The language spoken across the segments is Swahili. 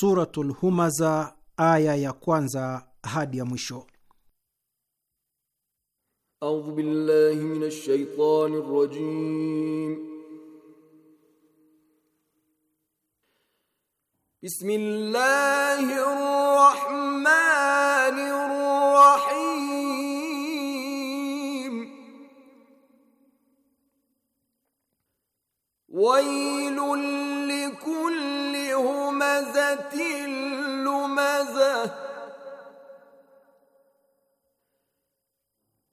Suratul Humaza, aya ya kwanza hadi ya mwisho. Audhu billahi minash shaitani Bismillahir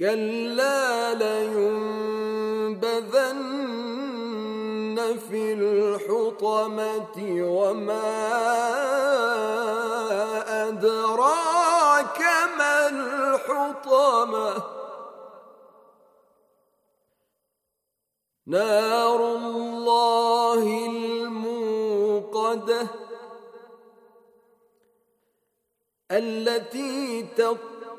كلا لينبذن في الحطمة وما أدراك ما الحطمة نار الله الموقدة التي تقوم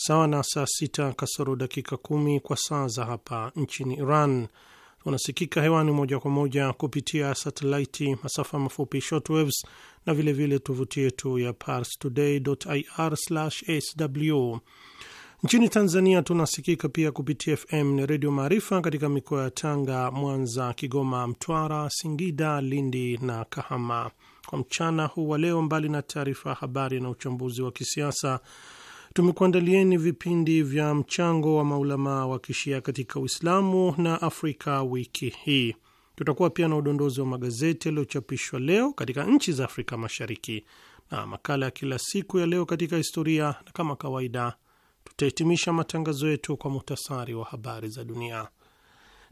sawa na saa sita kasoro dakika kumi kwa saa za hapa nchini Iran. Tunasikika hewani moja kwa moja kupitia satelaiti, masafa mafupi shortwaves na vilevile tovuti yetu ya parstoday.ir/sw. Nchini Tanzania tunasikika pia kupitia FM ni Redio Maarifa katika mikoa ya Tanga, Mwanza, Kigoma, Mtwara, Singida, Lindi na Kahama. Kwa mchana huu wa leo, mbali na taarifa ya habari na uchambuzi wa kisiasa tumekuandalieni vipindi vya mchango wa maulamaa wa kishia katika Uislamu na Afrika. Wiki hii tutakuwa pia na udondozi wa magazeti yaliyochapishwa leo katika nchi za Afrika Mashariki na makala ya kila siku ya leo katika historia, na kama kawaida tutahitimisha matangazo yetu kwa muhtasari wa habari za dunia.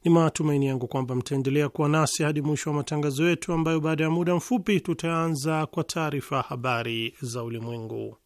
Ni matumaini yangu kwamba mtaendelea kuwa nasi hadi mwisho wa matangazo yetu, ambayo baada ya muda mfupi tutaanza kwa taarifa habari za ulimwengu.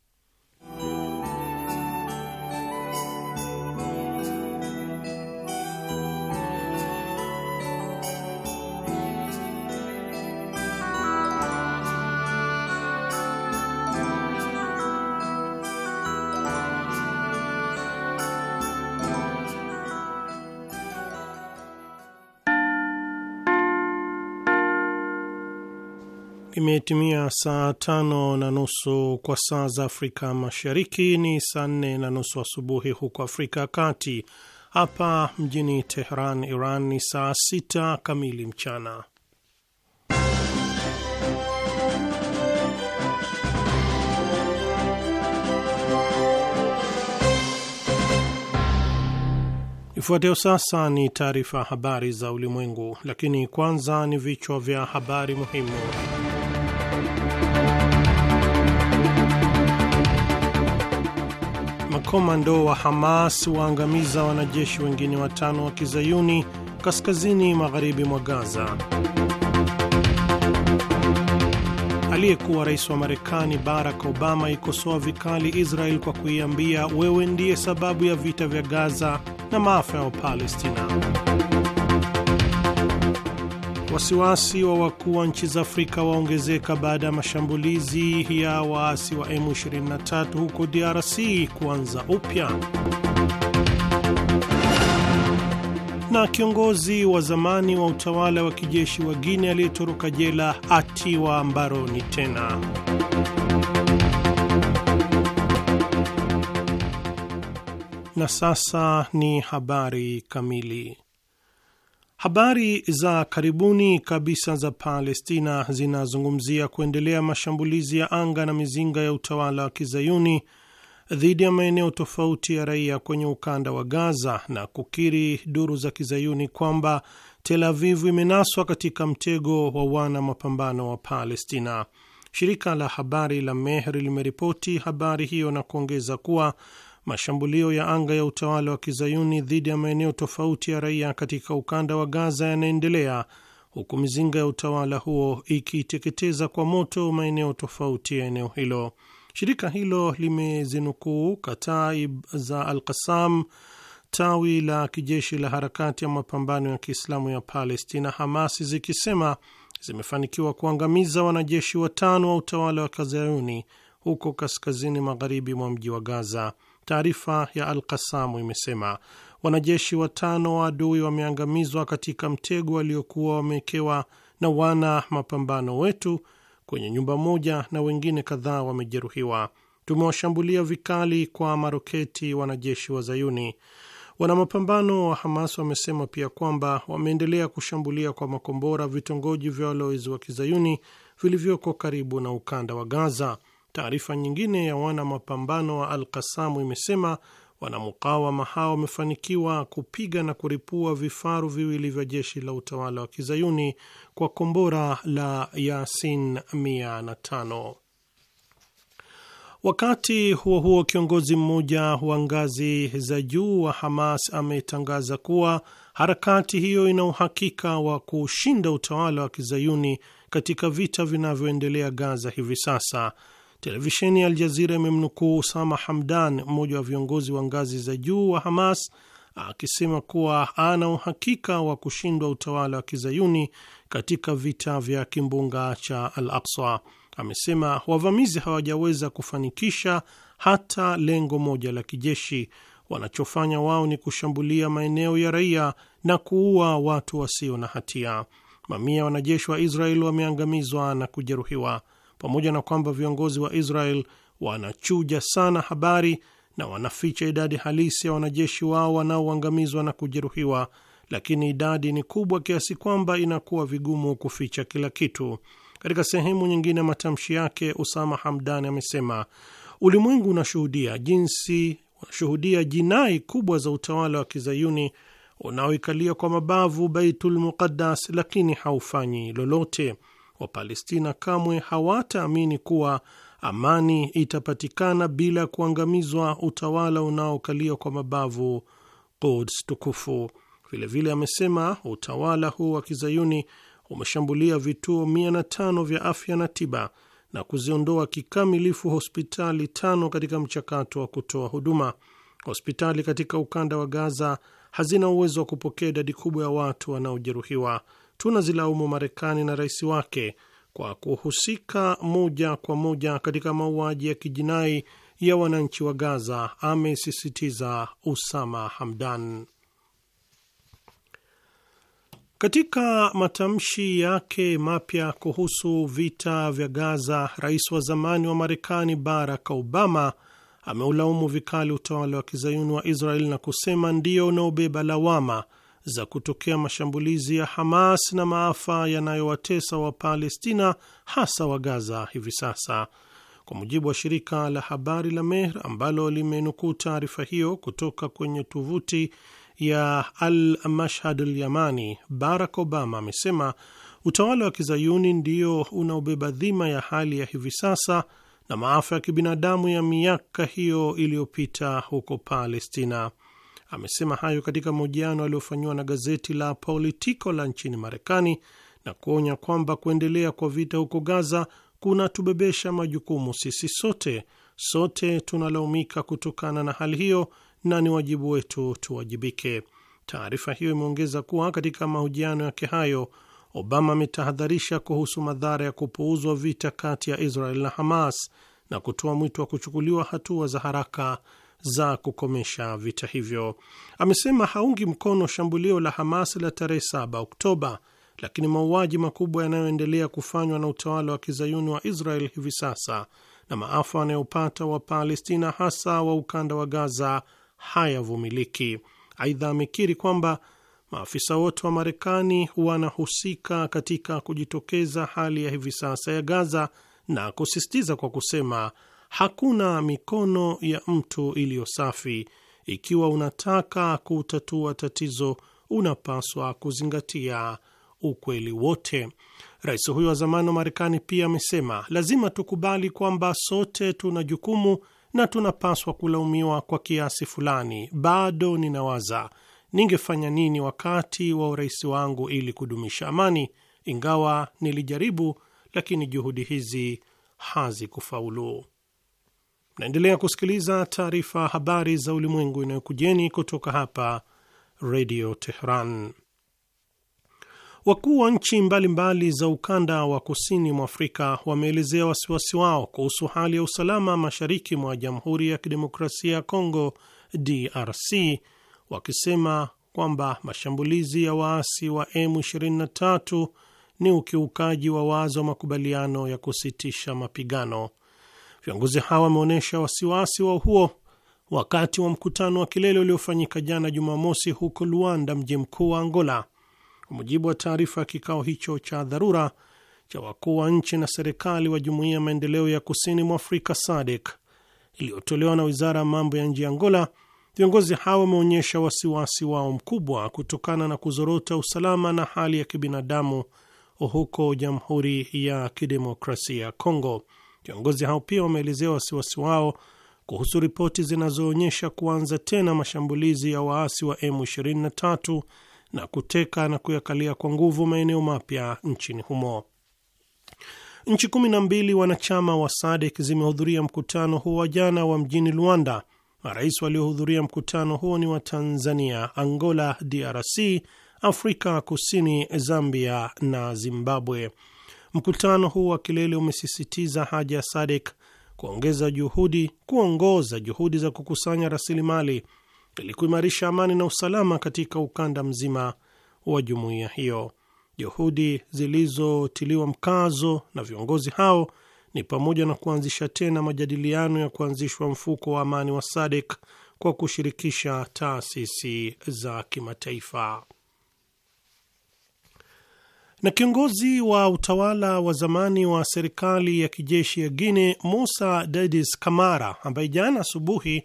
Imetimia saa tano na nusu kwa saa za Afrika Mashariki, ni saa nne na nusu asubuhi huko Afrika ya Kati. Hapa mjini Teheran, Iran, ni saa sita kamili mchana. Ifuatayo sasa ni taarifa habari za ulimwengu, lakini kwanza ni vichwa vya habari muhimu. Makomando wa Hamas waangamiza wanajeshi wengine watano wa kizayuni kaskazini magharibi mwa Gaza. Aliyekuwa rais wa Marekani Barack Obama ikosoa vikali Israel kwa kuiambia wewe ndiye sababu ya vita vya Gaza na maafa ya Wapalestina. Wasiwasi wa wakuu wa nchi za Afrika waongezeka baada ya mashambulizi ya waasi wa M23 huko DRC kuanza upya. Na kiongozi wa zamani wa utawala wa kijeshi wa Guine aliyetoroka jela atiwa mbaroni tena. Na sasa ni habari kamili. Habari za karibuni kabisa za Palestina zinazungumzia kuendelea mashambulizi ya anga na mizinga ya utawala wa kizayuni dhidi ya maeneo tofauti ya raia kwenye ukanda wa Gaza na kukiri duru za kizayuni kwamba Tel Avivu imenaswa katika mtego wa wana mapambano wa Palestina. Shirika la habari la Mehr limeripoti habari hiyo na kuongeza kuwa mashambulio ya anga ya utawala wa kizayuni dhidi ya maeneo tofauti ya raia katika ukanda wa Gaza yanaendelea huku mizinga ya utawala huo ikiteketeza kwa moto maeneo tofauti ya eneo hilo. Shirika hilo limezinukuu Kataib za Al-Qassam, tawi la kijeshi la harakati ya mapambano ya Kiislamu ya Palestina, Hamasi, zikisema zimefanikiwa kuangamiza wanajeshi watano wa utawala wa kizayuni huko kaskazini magharibi mwa mji wa Gaza. Taarifa ya Alkasamu imesema wanajeshi watano wa adui wameangamizwa katika mtego waliokuwa wamewekewa na wana mapambano wetu kwenye nyumba moja na wengine kadhaa wamejeruhiwa. Tumewashambulia vikali kwa maroketi wanajeshi wa Zayuni. Wanamapambano wa Hamas wamesema pia kwamba wameendelea kushambulia kwa makombora vitongoji vya walowezi wa kizayuni vilivyoko karibu na ukanda wa Gaza. Taarifa nyingine ya wana mapambano wa al kasamu imesema wanamukawama hao wamefanikiwa kupiga na kuripua vifaru viwili vya jeshi la utawala wa kizayuni kwa kombora la Yasin 105. Wakati huo huo, kiongozi mmoja wa ngazi za juu wa Hamas ametangaza kuwa harakati hiyo ina uhakika wa kushinda utawala wa kizayuni katika vita vinavyoendelea Gaza hivi sasa Televisheni ya Aljazira imemnukuu Usama Hamdan, mmoja wa viongozi wa ngazi za juu wa Hamas, akisema kuwa ana uhakika wa kushindwa utawala wa kizayuni katika vita vya kimbunga cha Al Aksa. Amesema wavamizi hawajaweza kufanikisha hata lengo moja la kijeshi. Wanachofanya wao ni kushambulia maeneo ya raia na kuua watu wasio na hatia. Mamia wanajeshi wa Israeli wameangamizwa na kujeruhiwa pamoja na kwamba viongozi wa Israel wanachuja sana habari na wanaficha idadi halisi ya wanajeshi wao wanaoangamizwa na kujeruhiwa, lakini idadi ni kubwa kiasi kwamba inakuwa vigumu kuficha kila kitu. Katika sehemu nyingine ya matamshi yake, usama Hamdan amesema ulimwengu unashuhudia jinsi unashuhudia jinai kubwa za utawala wa kizayuni unaoikalia kwa mabavu Baitul Muqaddas, lakini haufanyi lolote. Wapalestina kamwe hawataamini kuwa amani itapatikana bila kuangamizwa utawala unaokalia kwa mabavu Quds tukufu. Vilevile amesema utawala huu wa kizayuni umeshambulia vituo 105 vya afya na tiba na kuziondoa kikamilifu hospitali tano katika mchakato wa kutoa huduma. Hospitali katika ukanda wa Gaza hazina uwezo wa kupokea idadi kubwa ya watu wanaojeruhiwa tunazilaumu Marekani na rais wake kwa kuhusika moja kwa moja katika mauaji ya kijinai ya wananchi wa Gaza, amesisitiza Usama Hamdan. Katika matamshi yake mapya kuhusu vita vya Gaza, rais wa zamani wa Marekani Barack Obama ameulaumu vikali utawala wa kizayuni wa Israel na kusema ndio unaobeba lawama za kutokea mashambulizi ya Hamas na maafa yanayowatesa Wapalestina hasa wa Gaza hivi sasa. Kwa mujibu wa shirika la habari la Mehr ambalo limenukuu taarifa hiyo kutoka kwenye tovuti ya Al Mashhad al Yamani, Barack Obama amesema utawala wa kizayuni ndio unaobeba dhima ya hali ya hivi sasa na maafa ya kibinadamu ya miaka hiyo iliyopita huko Palestina amesema hayo katika mahojiano aliyofanyiwa na gazeti la Politico la nchini Marekani na kuonya kwamba kuendelea kwa vita huko Gaza kunatubebesha majukumu sisi sote. Sote tunalaumika kutokana na hali hiyo na ni wajibu wetu tuwajibike. Taarifa hiyo imeongeza kuwa katika mahojiano yake hayo, Obama ametahadharisha kuhusu madhara ya kupuuzwa vita kati ya Israel na Hamas na kutoa mwito wa kuchukuliwa hatua za haraka za kukomesha vita hivyo. Amesema haungi mkono shambulio la Hamas la tarehe 7 Oktoba, lakini mauaji makubwa yanayoendelea kufanywa na utawala wa kizayuni wa Israel hivi sasa na maafa wanayopata Wapalestina hasa wa ukanda wa Gaza hayavumiliki. Aidha, amekiri kwamba maafisa wote wa Marekani wanahusika katika kujitokeza hali ya hivi sasa ya Gaza na kusisitiza kwa kusema hakuna mikono ya mtu iliyo safi. Ikiwa unataka kutatua tatizo, unapaswa kuzingatia ukweli wote. Rais huyo wa zamani wa Marekani pia amesema lazima tukubali kwamba sote tuna jukumu na tunapaswa kulaumiwa kwa kiasi fulani. Bado ninawaza ningefanya nini wakati wa urais wangu ili kudumisha amani. Ingawa nilijaribu, lakini juhudi hizi hazikufaulu. Naendelea kusikiliza taarifa habari za ulimwengu inayokujeni kutoka hapa Redio Tehran. Wakuu wa nchi mbalimbali za ukanda wa kusini mwa Afrika wameelezea wasiwasi wao kuhusu hali ya usalama mashariki mwa Jamhuri ya Kidemokrasia ya Kongo, DRC, wakisema kwamba mashambulizi ya waasi wa M23 ni ukiukaji wa wazi wa makubaliano ya kusitisha mapigano. Viongozi hawa wameonyesha wasiwasi wao huo wakati wa mkutano wa kilele uliofanyika jana Jumamosi huko Luanda, mji mkuu wa Angola. Kwa mujibu wa taarifa ya kikao hicho cha dharura cha wakuu wa nchi na serikali wa Jumuiya ya Maendeleo ya Kusini mwa Afrika SADC iliyotolewa na wizara ya mambo ya nje ya Angola, viongozi hawa wameonyesha wasiwasi wao mkubwa kutokana na kuzorota usalama na hali ya kibinadamu huko Jamhuri ya Kidemokrasia ya Kongo. Viongozi hao pia wameelezea wasiwasi wao kuhusu ripoti zinazoonyesha kuanza tena mashambulizi ya waasi wa M23 na kuteka na kuyakalia kwa nguvu maeneo mapya nchini humo. Nchi kumi na mbili wanachama wa SADC zimehudhuria mkutano huo wa jana wa mjini Luanda. Marais waliohudhuria mkutano huo ni wa Tanzania, Angola, DRC, Afrika Kusini, Zambia na Zimbabwe. Mkutano huu wa kilele umesisitiza haja ya SADC kuongeza juhudi, kuongoza juhudi za kukusanya rasilimali ili kuimarisha amani na usalama katika ukanda mzima wa jumuiya hiyo. Juhudi zilizotiliwa mkazo na viongozi hao ni pamoja na kuanzisha tena majadiliano ya kuanzishwa mfuko wa amani wa SADC kwa kushirikisha taasisi za kimataifa na kiongozi wa utawala wa zamani wa serikali ya kijeshi ya Guine Musa Dadis Kamara ambaye jana asubuhi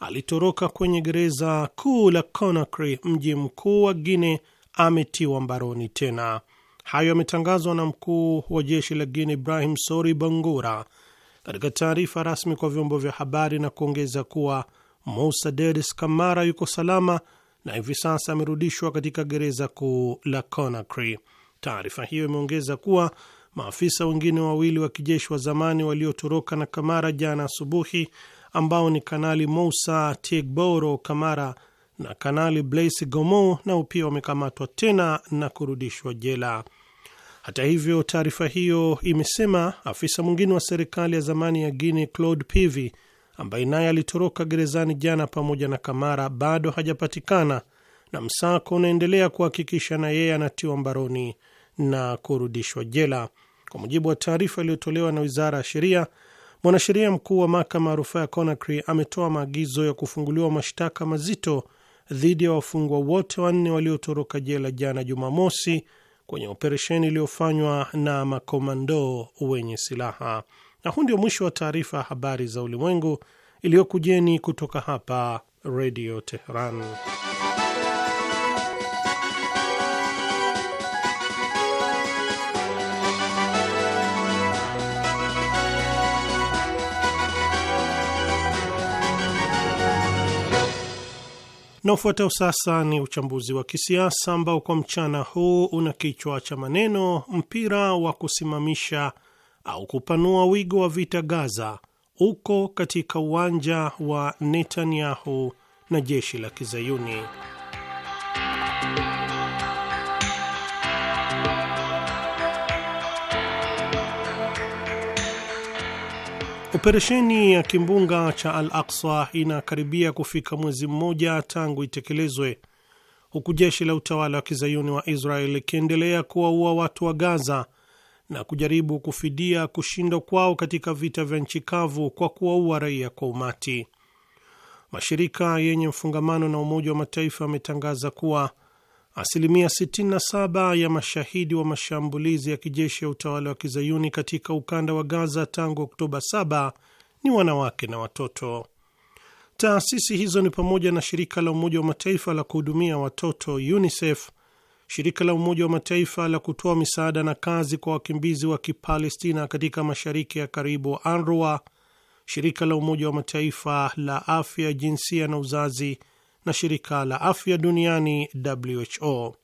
alitoroka kwenye gereza kuu la Conakry, mji mkuu wa Guine, ametiwa mbaroni tena. Hayo yametangazwa na mkuu wa jeshi la Guine Ibrahim Sori Bangura katika taarifa rasmi kwa vyombo vya habari na kuongeza kuwa Musa Dadis Kamara yuko salama na hivi sasa amerudishwa katika gereza kuu la Conakry. Taarifa hiyo imeongeza kuwa maafisa wengine wawili wa kijeshi wa zamani waliotoroka na Kamara jana asubuhi, ambao ni Kanali Mousa Tigboro Kamara na Kanali Blaise Gomo, nao pia wamekamatwa tena na kurudishwa jela. Hata hivyo, taarifa hiyo imesema afisa mwingine wa serikali ya zamani ya guine Claude Pivi, ambaye naye alitoroka gerezani jana pamoja na Kamara, bado hajapatikana na msako unaendelea kuhakikisha na yeye anatiwa mbaroni na kurudishwa jela. Kwa mujibu wa taarifa iliyotolewa na wizara ya sheria, mwanasheria mkuu wa mahakama ya rufaa ya Conakry ametoa maagizo ya kufunguliwa mashtaka mazito dhidi ya wafungwa wote wanne waliotoroka jela jana Jumamosi kwenye operesheni iliyofanywa na makomando wenye silaha. Na huu ndio mwisho wa taarifa ya habari za ulimwengu iliyokujeni kutoka hapa Redio Teheran. Na ufuatao sasa ni uchambuzi wa kisiasa ambao kwa mchana huu una kichwa cha maneno mpira wa kusimamisha au kupanua wigo wa vita Gaza uko katika uwanja wa Netanyahu na jeshi la Kizayuni. Operesheni ya kimbunga cha Al Aksa inakaribia kufika mwezi mmoja tangu itekelezwe huku jeshi la utawala wa kizayuni wa Israel ikiendelea kuwaua watu wa Gaza na kujaribu kufidia kushindwa kwao katika vita vya nchi kavu kwa kuwaua raia kwa umati. Mashirika yenye mfungamano na Umoja wa Mataifa yametangaza kuwa Asilimia 67 ya mashahidi wa mashambulizi ya kijeshi ya utawala wa kizayuni katika ukanda wa Gaza tangu Oktoba 7 ni wanawake na watoto. Taasisi hizo ni pamoja na shirika la Umoja wa Mataifa la kuhudumia watoto UNICEF, shirika la Umoja wa Mataifa la kutoa misaada na kazi kwa wakimbizi wa Kipalestina katika mashariki ya karibu anrua shirika la Umoja wa Mataifa la afya, jinsia na uzazi na shirika la afya duniani WHO.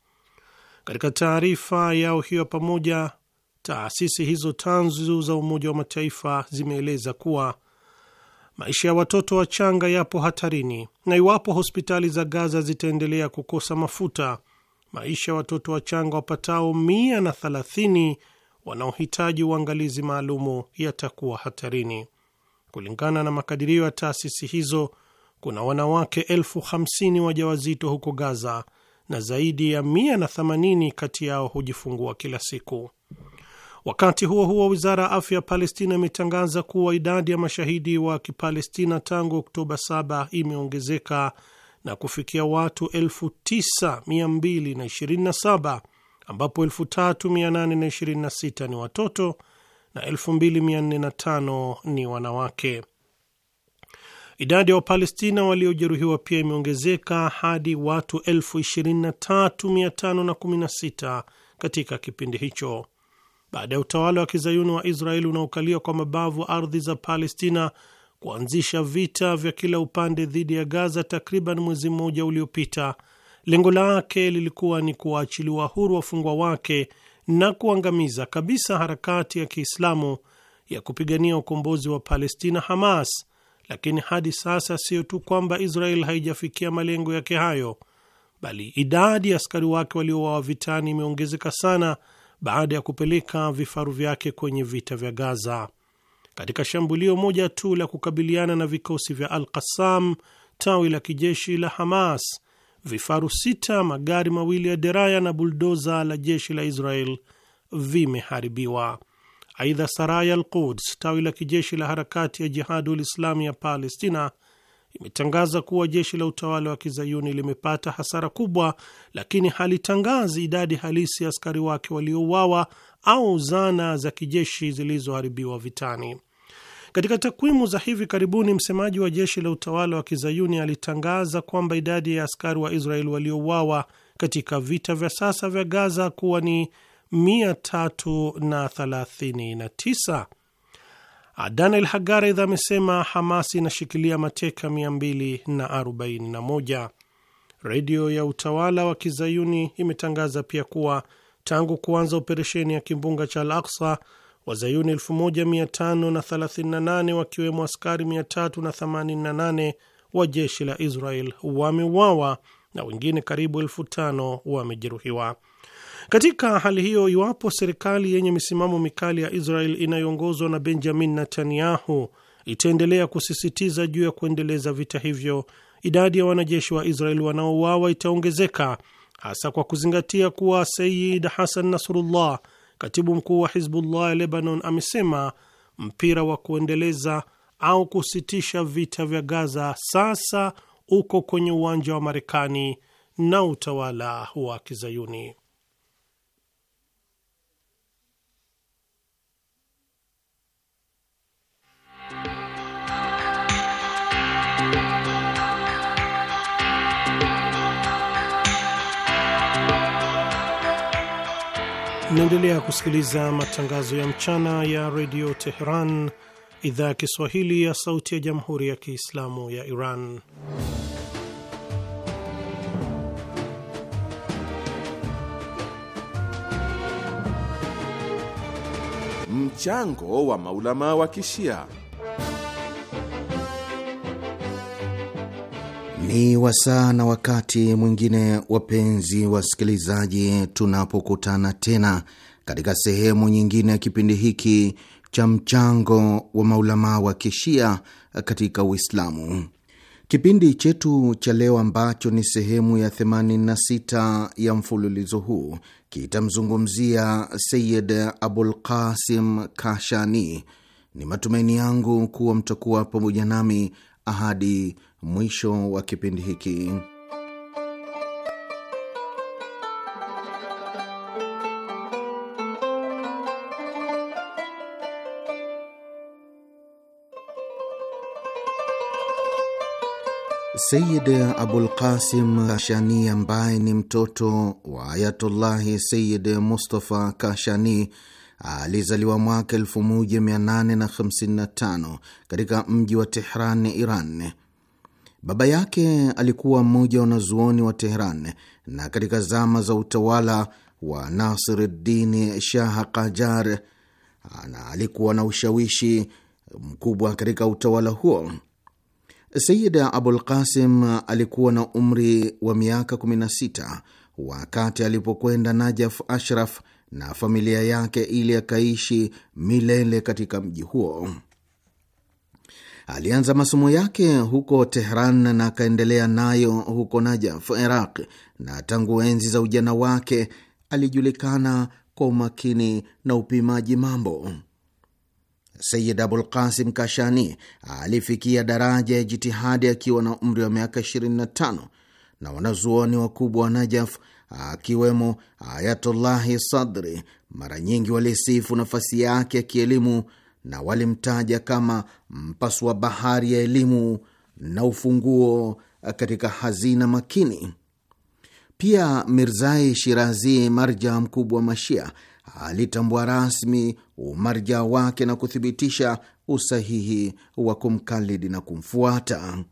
Katika taarifa yao hiyo pamoja, taasisi hizo tanzu za Umoja wa Mataifa zimeeleza kuwa maisha ya watoto wachanga yapo hatarini, na iwapo hospitali za Gaza zitaendelea kukosa mafuta, maisha ya watoto wachanga wapatao mia na thelathini wanaohitaji uangalizi maalumu yatakuwa hatarini, kulingana na makadirio ya taasisi hizo kuna wanawake elfu hamsini wajawazito huko Gaza na zaidi ya 180 kati yao hujifungua kila siku. Wakati huo huo, wizara ya afya ya Palestina imetangaza kuwa idadi ya mashahidi wa Kipalestina tangu Oktoba 7 imeongezeka na kufikia watu 9227 ambapo 3826 ni watoto na 2405 ni wanawake. Idadi ya Wapalestina waliojeruhiwa pia imeongezeka hadi watu 23516 katika kipindi hicho baada ya utawala wa kizayuni wa Israeli unaokalia kwa mabavu ardhi za Palestina kuanzisha vita vya kila upande dhidi ya Gaza takriban mwezi mmoja uliopita. Lengo lake lilikuwa ni kuwaachiliwa huru wafungwa wake na kuangamiza kabisa harakati ya Kiislamu ya kupigania ukombozi wa Palestina, Hamas, lakini hadi sasa siyo tu kwamba Israel haijafikia malengo yake hayo, bali idadi ya askari wake waliouawa vitani imeongezeka sana baada ya kupeleka vifaru vyake kwenye vita vya Gaza. Katika shambulio moja tu la kukabiliana na vikosi vya Al Qassam, tawi la kijeshi la Hamas, vifaru sita, magari mawili ya deraya na buldoza la jeshi la Israel vimeharibiwa. Aidha, Saraya al Quds, tawi la kijeshi la harakati ya Jihadul Islami ya Palestina, imetangaza kuwa jeshi la utawala wa kizayuni limepata hasara kubwa, lakini halitangazi idadi halisi ya askari wake waliouawa au zana za kijeshi zilizoharibiwa vitani. Katika takwimu za hivi karibuni, msemaji wa jeshi la utawala wa kizayuni alitangaza kwamba idadi ya askari wa israel waliouawa katika vita vya sasa vya Gaza kuwa ni 339. daniel Hagaredh amesema Hamas inashikilia mateka 241. Redio ya utawala wa kizayuni imetangaza pia kuwa tangu kuanza operesheni ya kimbunga cha Al Aksa, wazayuni 1538 wakiwemo askari 388 wa jeshi la Israel wameuawa na wengine karibu elfu tano wamejeruhiwa. Katika hali hiyo, iwapo serikali yenye misimamo mikali ya Israel inayoongozwa na Benjamin Netanyahu itaendelea kusisitiza juu ya kuendeleza vita hivyo, idadi ya wanajeshi wa Israel wanaouawa itaongezeka, hasa kwa kuzingatia kuwa Sayid Hasan Nasrullah, katibu mkuu wa Hizbullah ya Lebanon, amesema mpira wa kuendeleza au kusitisha vita vya Gaza sasa uko kwenye uwanja wa Marekani na utawala wa Kizayuni. Naendelea kusikiliza matangazo ya mchana ya redio Teheran, idhaa ya Kiswahili ya sauti ya jamhuri ya Kiislamu ya Iran. Mchango wa maulama wa Kishia. Ni wasaa na wakati mwingine, wapenzi wasikilizaji, tunapokutana tena katika sehemu nyingine ya kipindi hiki cha mchango wa maulamaa wa kishia katika Uislamu. Kipindi chetu cha leo ambacho ni sehemu ya 86 ya mfululizo huu kitamzungumzia Sayid Abul Qasim Kashani. Ni matumaini yangu kuwa mtakuwa pamoja nami ahadi mwisho wa kipindi hiki. Sayid Abul Qasim Kashani ambaye ni mtoto wa Ayatullahi Sayid Mustafa Kashani alizaliwa mwaka 1855 katika mji wa Tehran, Iran. Baba yake alikuwa mmoja wanazuoni wa Teheran, na katika zama za utawala wa Nasiruddin Shah Kajar na alikuwa na ushawishi mkubwa katika utawala huo. Sayida Abul Qasim alikuwa na umri wa miaka 16 wakati alipokwenda Najaf Ashraf na familia yake ili akaishi milele katika mji huo. Alianza masomo yake huko Tehran na akaendelea nayo huko Najaf, Iraq, na tangu enzi za ujana wake alijulikana kwa umakini na upimaji mambo. Sayid Abul Qasim Kashani alifikia daraja ya jitihadi akiwa na umri wa miaka 25 na wanazuoni wakubwa wa Najaf akiwemo Ayatullahi Sadri mara nyingi walisifu nafasi yake ya kielimu na walimtaja kama mpasua bahari ya elimu na ufunguo katika hazina makini. Pia Mirzai Shirazi, marja mkubwa wa Mashia, alitambua rasmi umarja wake na kuthibitisha usahihi wa kumkalidi na kumfuata.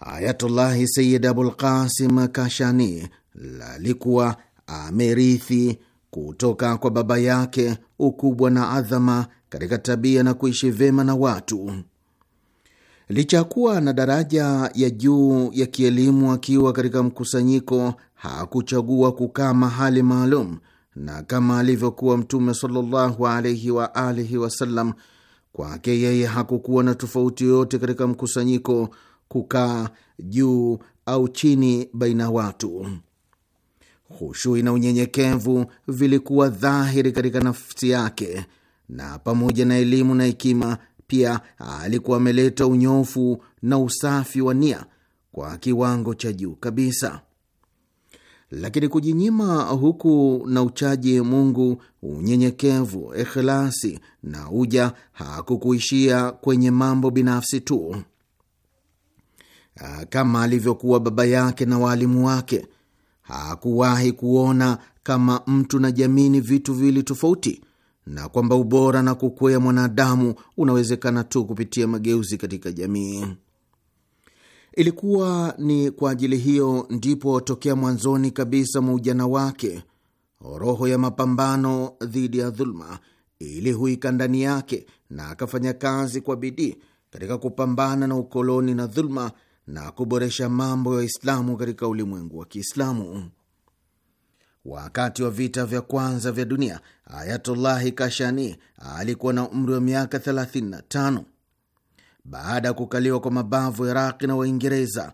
Ayatullahi Sayid Abul Qasim Kashani alikuwa amerithi kutoka kwa baba yake ukubwa na adhama katika tabia na kuishi vyema na watu. Licha ya kuwa na daraja ya juu ya kielimu, akiwa katika mkusanyiko hakuchagua kukaa mahali maalum, na kama alivyokuwa Mtume sallallahu alaihi wa alihi wasallam, kwake yeye hakukuwa na tofauti yoyote katika mkusanyiko, kukaa juu au chini baina watu hushui na unyenyekevu vilikuwa dhahiri katika nafsi yake, na pamoja na elimu na hekima pia alikuwa ameleta unyofu na usafi wa nia kwa kiwango cha juu kabisa. Lakini kujinyima huku na uchaji Mungu, unyenyekevu, ikhlasi na uja hakukuishia kwenye mambo binafsi tu. Kama alivyokuwa baba yake na waalimu wake, hakuwahi kuona kama mtu na jamii ni vitu viwili tofauti na kwamba ubora na kukwea mwanadamu unawezekana tu kupitia mageuzi katika jamii. Ilikuwa ni kwa ajili hiyo ndipo tokea mwanzoni kabisa mwa ujana wake roho ya mapambano dhidi ya dhuluma ili huika ndani yake na akafanya kazi kwa bidii katika kupambana na ukoloni na dhuluma na kuboresha mambo ya Waislamu katika ulimwengu wa Kiislamu. Wakati wa vita vya kwanza vya dunia, Ayatullahi Kashani alikuwa na umri wa miaka 35. Baada ya kukaliwa kwa mabavu Iraqi na Waingereza,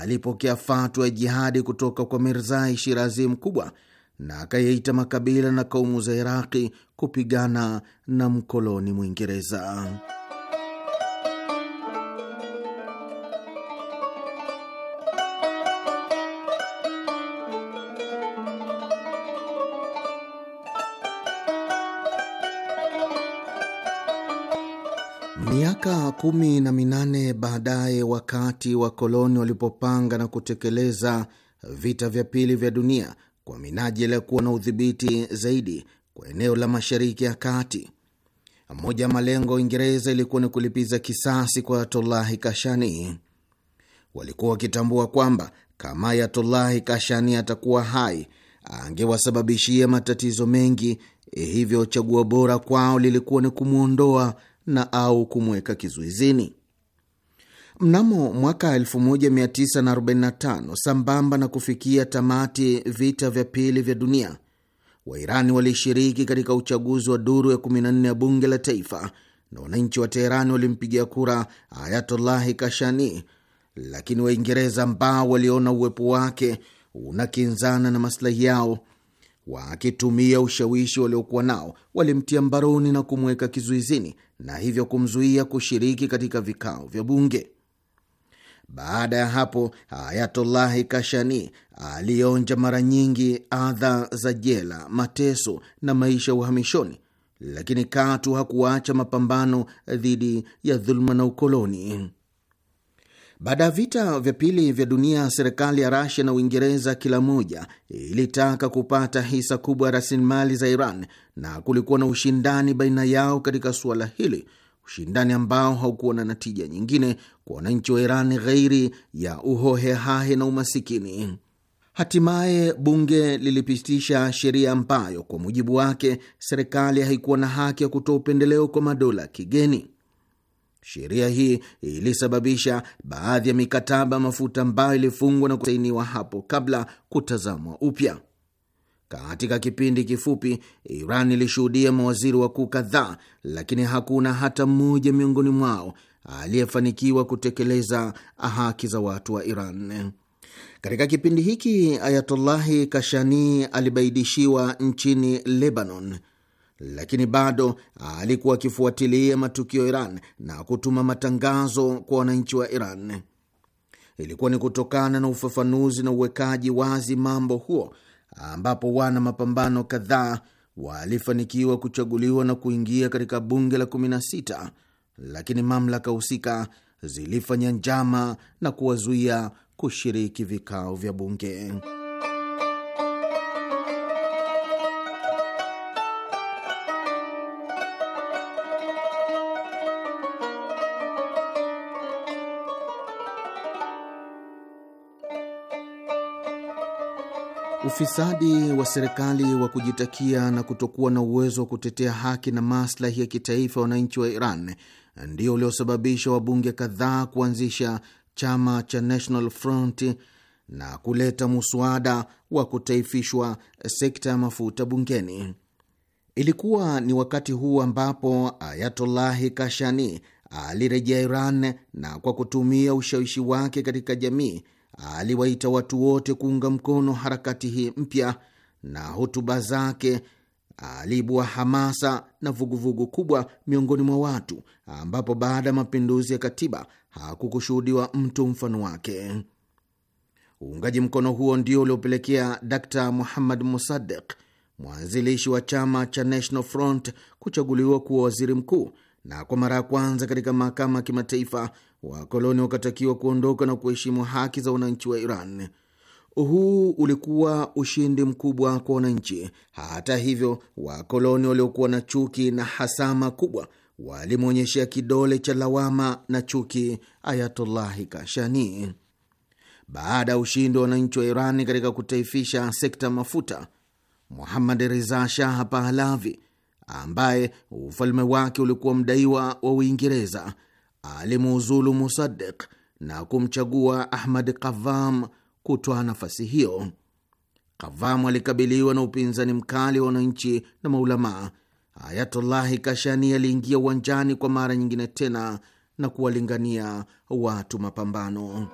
alipokea fatwa ya jihadi kutoka kwa Mirzai Shirazi mkubwa na akayeita makabila na kaumu za Iraqi kupigana na mkoloni Mwingereza. kumi na minane baadaye, wakati wakoloni walipopanga na kutekeleza vita vya pili vya dunia kwa minajili ya kuwa na udhibiti zaidi kwa eneo la Mashariki ya Kati. Moja ya malengo ya Uingereza ilikuwa ni kulipiza kisasi kwa Ayatullahi Kashani. Walikuwa wakitambua kwamba kama Ayatullahi Kashani atakuwa hai angewasababishia matatizo mengi, eh, hivyo chaguo bora kwao lilikuwa ni kumwondoa na au kumweka kizuizini. Mnamo mwaka 1945 sambamba na kufikia tamati vita vya pili vya dunia, Wairani walishiriki katika uchaguzi wa duru ya 14 ya bunge la taifa na wananchi wa Teherani walimpigia kura Ayatollahi Kashani, lakini Waingereza ambao waliona uwepo wake unakinzana na maslahi yao, wakitumia ushawishi waliokuwa nao, walimtia mbaroni na kumweka kizuizini na hivyo kumzuia kushiriki katika vikao vya bunge. Baada ya hapo, Ayatullahi Kashani alionja mara nyingi adha za jela, mateso na maisha ya uhamishoni, lakini katu hakuacha mapambano dhidi ya dhuluma na ukoloni. Baada ya vita vya pili vya dunia, serikali ya Rasia na Uingereza kila moja ilitaka kupata hisa kubwa ya rasilimali za Iran, na kulikuwa na ushindani baina yao katika suala hili, ushindani ambao haukuwa na natija nyingine kwa wananchi wa Iran ghairi ya uhohehahe na umasikini. Hatimaye bunge lilipitisha sheria ambayo kwa mujibu wake serikali haikuwa na haki ya kutoa upendeleo kwa madola kigeni. Sheria hii ilisababisha baadhi ya mikataba mafuta ambayo ilifungwa na kusainiwa hapo kabla kutazamwa upya. Katika kipindi kifupi, Iran ilishuhudia mawaziri wakuu kadhaa, lakini hakuna hata mmoja miongoni mwao aliyefanikiwa kutekeleza haki za watu wa Iran. Katika kipindi hiki Ayatullahi Kashani alibaidishiwa nchini Lebanon lakini bado alikuwa akifuatilia matukio Iran na kutuma matangazo kwa wananchi wa Iran. Ilikuwa ni kutokana na ufafanuzi na uwekaji wazi mambo huo ambapo wana mapambano kadhaa walifanikiwa kuchaguliwa na kuingia katika bunge la 16 lakini mamlaka husika zilifanya njama na kuwazuia kushiriki vikao vya bunge. Ufisadi wa serikali wa kujitakia na kutokuwa na uwezo wa kutetea haki na maslahi ya kitaifa ya wananchi wa Iran ndio uliosababisha wabunge kadhaa kuanzisha chama cha National Front na kuleta muswada wa kutaifishwa sekta ya mafuta bungeni. Ilikuwa ni wakati huu ambapo Ayatollahi Kashani alirejea Iran na kwa kutumia ushawishi wake katika jamii aliwaita watu wote kuunga mkono harakati hii mpya, na hotuba zake aliibua hamasa na vuguvugu vugu kubwa miongoni mwa watu, ambapo baada ya mapinduzi ya katiba hakukushuhudiwa mtu mfano wake. Uungaji mkono huo ndio uliopelekea Dr Muhammad Musaddiq, mwanzilishi wa chama cha National Front, kuchaguliwa kuwa waziri mkuu, na kwa mara ya kwanza katika mahakama ya kimataifa wakoloni wakatakiwa kuondoka na kuheshimu haki za wananchi wa Iran. Huu ulikuwa ushindi mkubwa kwa wananchi. Hata hivyo, wakoloni waliokuwa na chuki na hasama kubwa walimwonyeshea kidole cha lawama na chuki Ayatullahi Kashani. Baada ya ushindi wa wananchi wa iran katika kutaifisha sekta mafuta, Muhammad Reza Shah Pahlavi ambaye ufalme wake ulikuwa mdaiwa wa Uingereza alimuuzulu musadik na kumchagua Ahmad Qavam kutoa nafasi hiyo. kavam alikabiliwa na upinzani mkali wa wananchi na maulamaa. Ayatullahi Kashani aliingia uwanjani kwa mara nyingine tena na kuwalingania watu mapambano.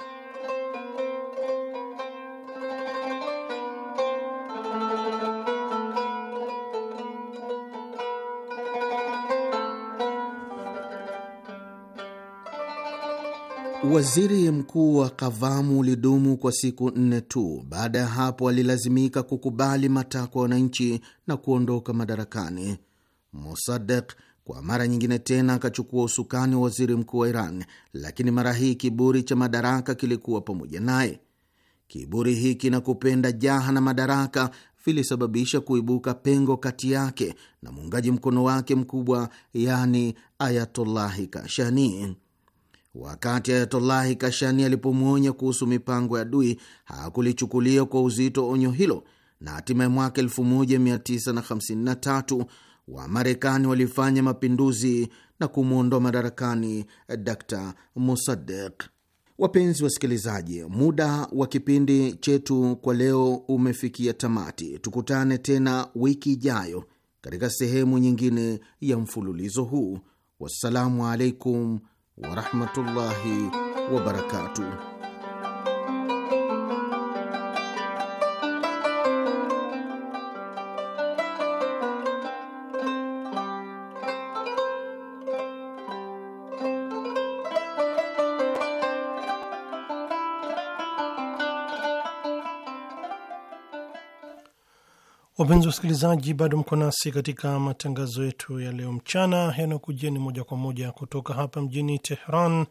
Waziri mkuu wa Kavamu ulidumu kwa siku nne tu. Baada ya hapo, alilazimika kukubali matakwa ya wananchi na kuondoka madarakani. Mosadek kwa mara nyingine tena akachukua usukani wa waziri mkuu wa Iran, lakini mara hii kiburi cha madaraka kilikuwa pamoja naye. Kiburi hiki na kupenda jaha na madaraka vilisababisha kuibuka pengo kati yake na muungaji mkono wake mkubwa, yani Ayatollahi Kashani. Wakati ayatolahi Kashani alipomwonya kuhusu mipango ya adui, hakulichukulia kwa uzito onyo hilo, na hatimaye mwaka 1953 Wamarekani walifanya mapinduzi na kumwondoa madarakani Dr Musaddiq. Wapenzi wasikilizaji, muda wa kipindi chetu kwa leo umefikia tamati. Tukutane tena wiki ijayo katika sehemu nyingine ya mfululizo huu. Wassalamu alaikum ورحمة الله وبركاته Wapenzi wasikilizaji, bado mko nasi katika matangazo yetu ya leo mchana yanayokujieni moja kwa moja kutoka hapa mjini Tehran,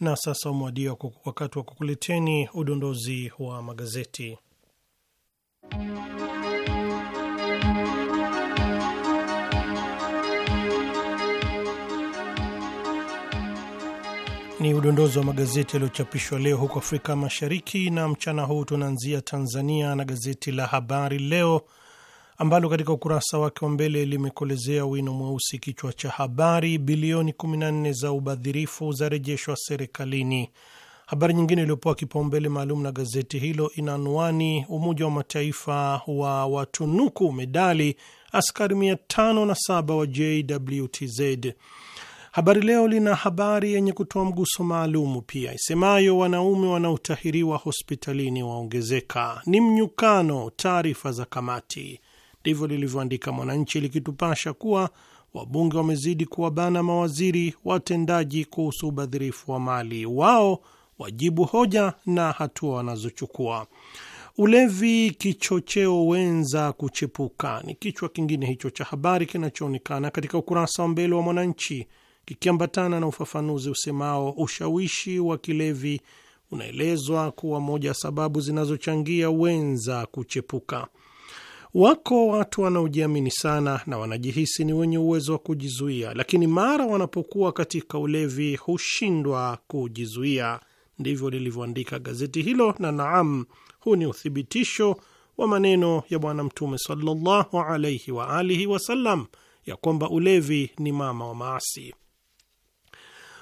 na sasa umewadia wakati wa kukuleteni udondozi wa magazeti. Ni udondozi wa magazeti yaliyochapishwa leo huko Afrika Mashariki, na mchana huu tunaanzia Tanzania na gazeti la Habari Leo ambalo katika ukurasa wake wa mbele limekolezea wino mweusi kichwa cha habari, bilioni 14 za ubadhirifu zarejeshwa serikalini. Habari nyingine iliyopewa kipaumbele maalum na gazeti hilo ina anwani, Umoja wa Mataifa wa watunuku medali askari 507 wa JWTZ. Habari Leo lina habari yenye kutoa mguso maalumu pia isemayo, wanaume wanaotahiriwa hospitalini waongezeka, ni mnyukano taarifa za kamati Ndivyo lilivyoandika Mwananchi likitupasha kuwa wabunge wamezidi kuwabana mawaziri watendaji kuhusu ubadhirifu wa mali, wao wajibu hoja na hatua wanazochukua. Ulevi kichocheo wenza kuchepuka ni kichwa kingine hicho cha habari kinachoonekana katika ukurasa wa mbele wa Mwananchi, kikiambatana na ufafanuzi usemao ushawishi wa kilevi unaelezwa kuwa moja ya sababu zinazochangia wenza kuchepuka. Wako watu wanaojiamini sana na wanajihisi ni wenye uwezo wa kujizuia, lakini mara wanapokuwa katika ulevi hushindwa kujizuia. Ndivyo lilivyoandika gazeti hilo, na naam, huu ni uthibitisho wa maneno ya Bwana Mtume sallallahu alaihi wa alihi wasallam ya kwamba ulevi ni mama wa maasi.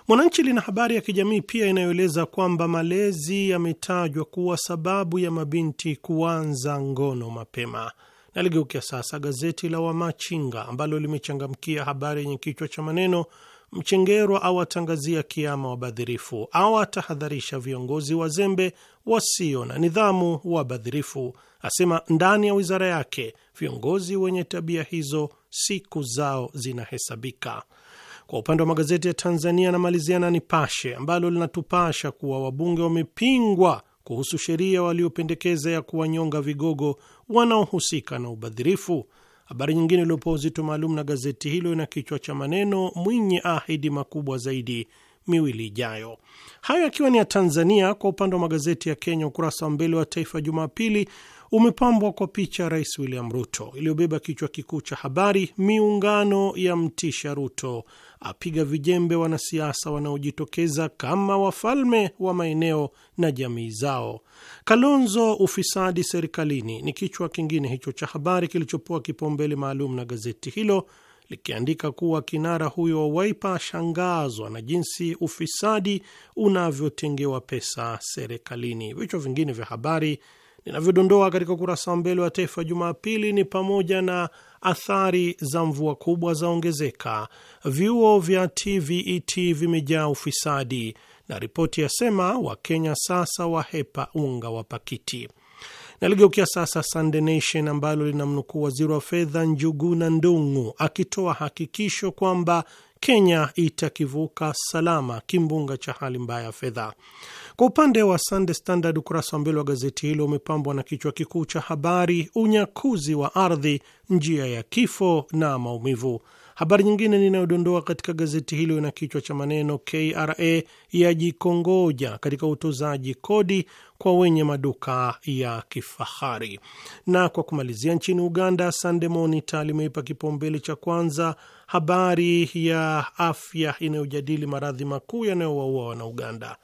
Mwananchi lina habari ya kijamii pia inayoeleza kwamba malezi yametajwa kuwa sababu ya mabinti kuanza ngono mapema. Naligeukia sasa gazeti la Wamachinga ambalo limechangamkia habari yenye kichwa cha maneno Mchengerwa awatangazia kiama wabadhirifu, awatahadharisha viongozi wazembe wasio na nidhamu wabadhirifu, asema ndani ya wizara yake viongozi wenye tabia hizo siku zao zinahesabika. Kwa upande wa magazeti ya Tanzania anamaliziana Nipashe ambalo linatupasha kuwa wabunge wamepingwa kuhusu sheria waliopendekeza ya kuwanyonga vigogo wanaohusika na ubadhirifu. Habari nyingine iliyopewa uzito maalum na gazeti hilo ina kichwa cha maneno Mwinyi ahidi makubwa zaidi miwili ijayo. Hayo akiwa ni ya Tanzania. Kwa upande wa magazeti ya Kenya, ukurasa wa mbele wa Taifa Jumapili umepambwa kwa picha ya Rais William Ruto iliyobeba kichwa kikuu cha habari, miungano ya mtisha Ruto apiga vijembe wanasiasa wanaojitokeza kama wafalme wa maeneo na jamii zao. Kalonzo, ufisadi serikalini ni kichwa kingine hicho cha habari kilichopoa kipaumbele maalum na gazeti hilo likiandika kuwa kinara huyo wa Waipa ashangazwa na jinsi ufisadi unavyotengewa pesa serikalini. Vichwa vingine vya habari ninavyodondoa katika ukurasa wa mbele wa Taifa Jumapili ni pamoja na athari za mvua kubwa zaongezeka, vyuo vya TVET e vimejaa ufisadi, na ripoti yasema Wakenya sasa wahepa unga wa pakiti. Naligeukia sasa Sunday Nation ambalo linamnukuu waziri wa fedha Njuguna Ndung'u akitoa hakikisho kwamba Kenya itakivuka salama kimbunga cha hali mbaya ya fedha. Kwa upande wa Sunday Standard, ukurasa wa mbele wa gazeti hilo umepambwa na kichwa kikuu cha habari, unyakuzi wa ardhi, njia ya kifo na maumivu. Habari nyingine ninayodondoa katika gazeti hilo ina kichwa cha maneno KRA yajikongoja katika utozaji kodi kwa wenye maduka ya kifahari. Na kwa kumalizia, nchini Uganda, Sunday Monitor limeipa kipaumbele cha kwanza habari ya afya inayojadili maradhi makuu yanayowaua wana Uganda.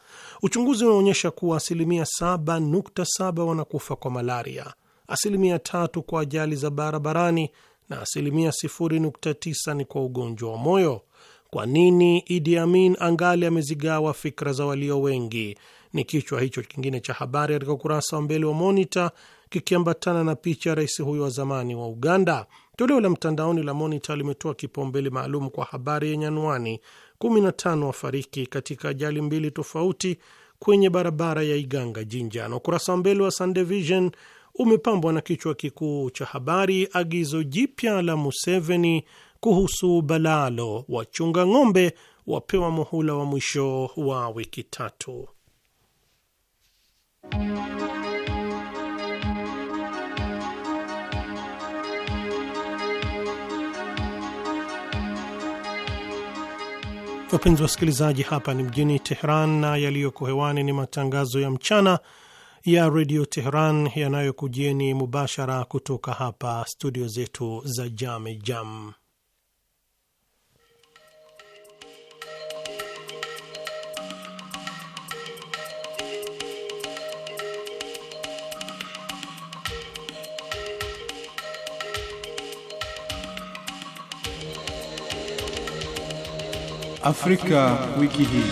Uchunguzi unaonyesha kuwa asilimia 7.7 wanakufa kwa malaria, asilimia tatu kwa ajali za barabarani na asilimia 0.9 ni kwa ugonjwa wa moyo. Kwa nini Idi Amin angali amezigawa fikra za walio wengi? Ni kichwa hicho kingine cha habari katika ukurasa wa mbele wa Monita, kikiambatana na picha ya rais huyo wa zamani wa Uganda. Toleo la mtandaoni la Monita limetoa kipaumbele maalum kwa habari yenye anwani 15 wafariki katika ajali mbili tofauti kwenye barabara ya Iganga Jinja. Na ukurasa wa mbele wa Sunday Vision umepambwa na kichwa kikuu cha habari, agizo jipya la Museveni kuhusu balalo, wachunga ng'ombe wapewa muhula wa mwisho wa wiki tatu. Wapenzi wa wasikilizaji, hapa ni mjini Teheran na yaliyoko hewani ni matangazo ya mchana ya redio Teheran yanayokujieni mubashara kutoka hapa studio zetu za Jame Jam. Afrika, wiki hii.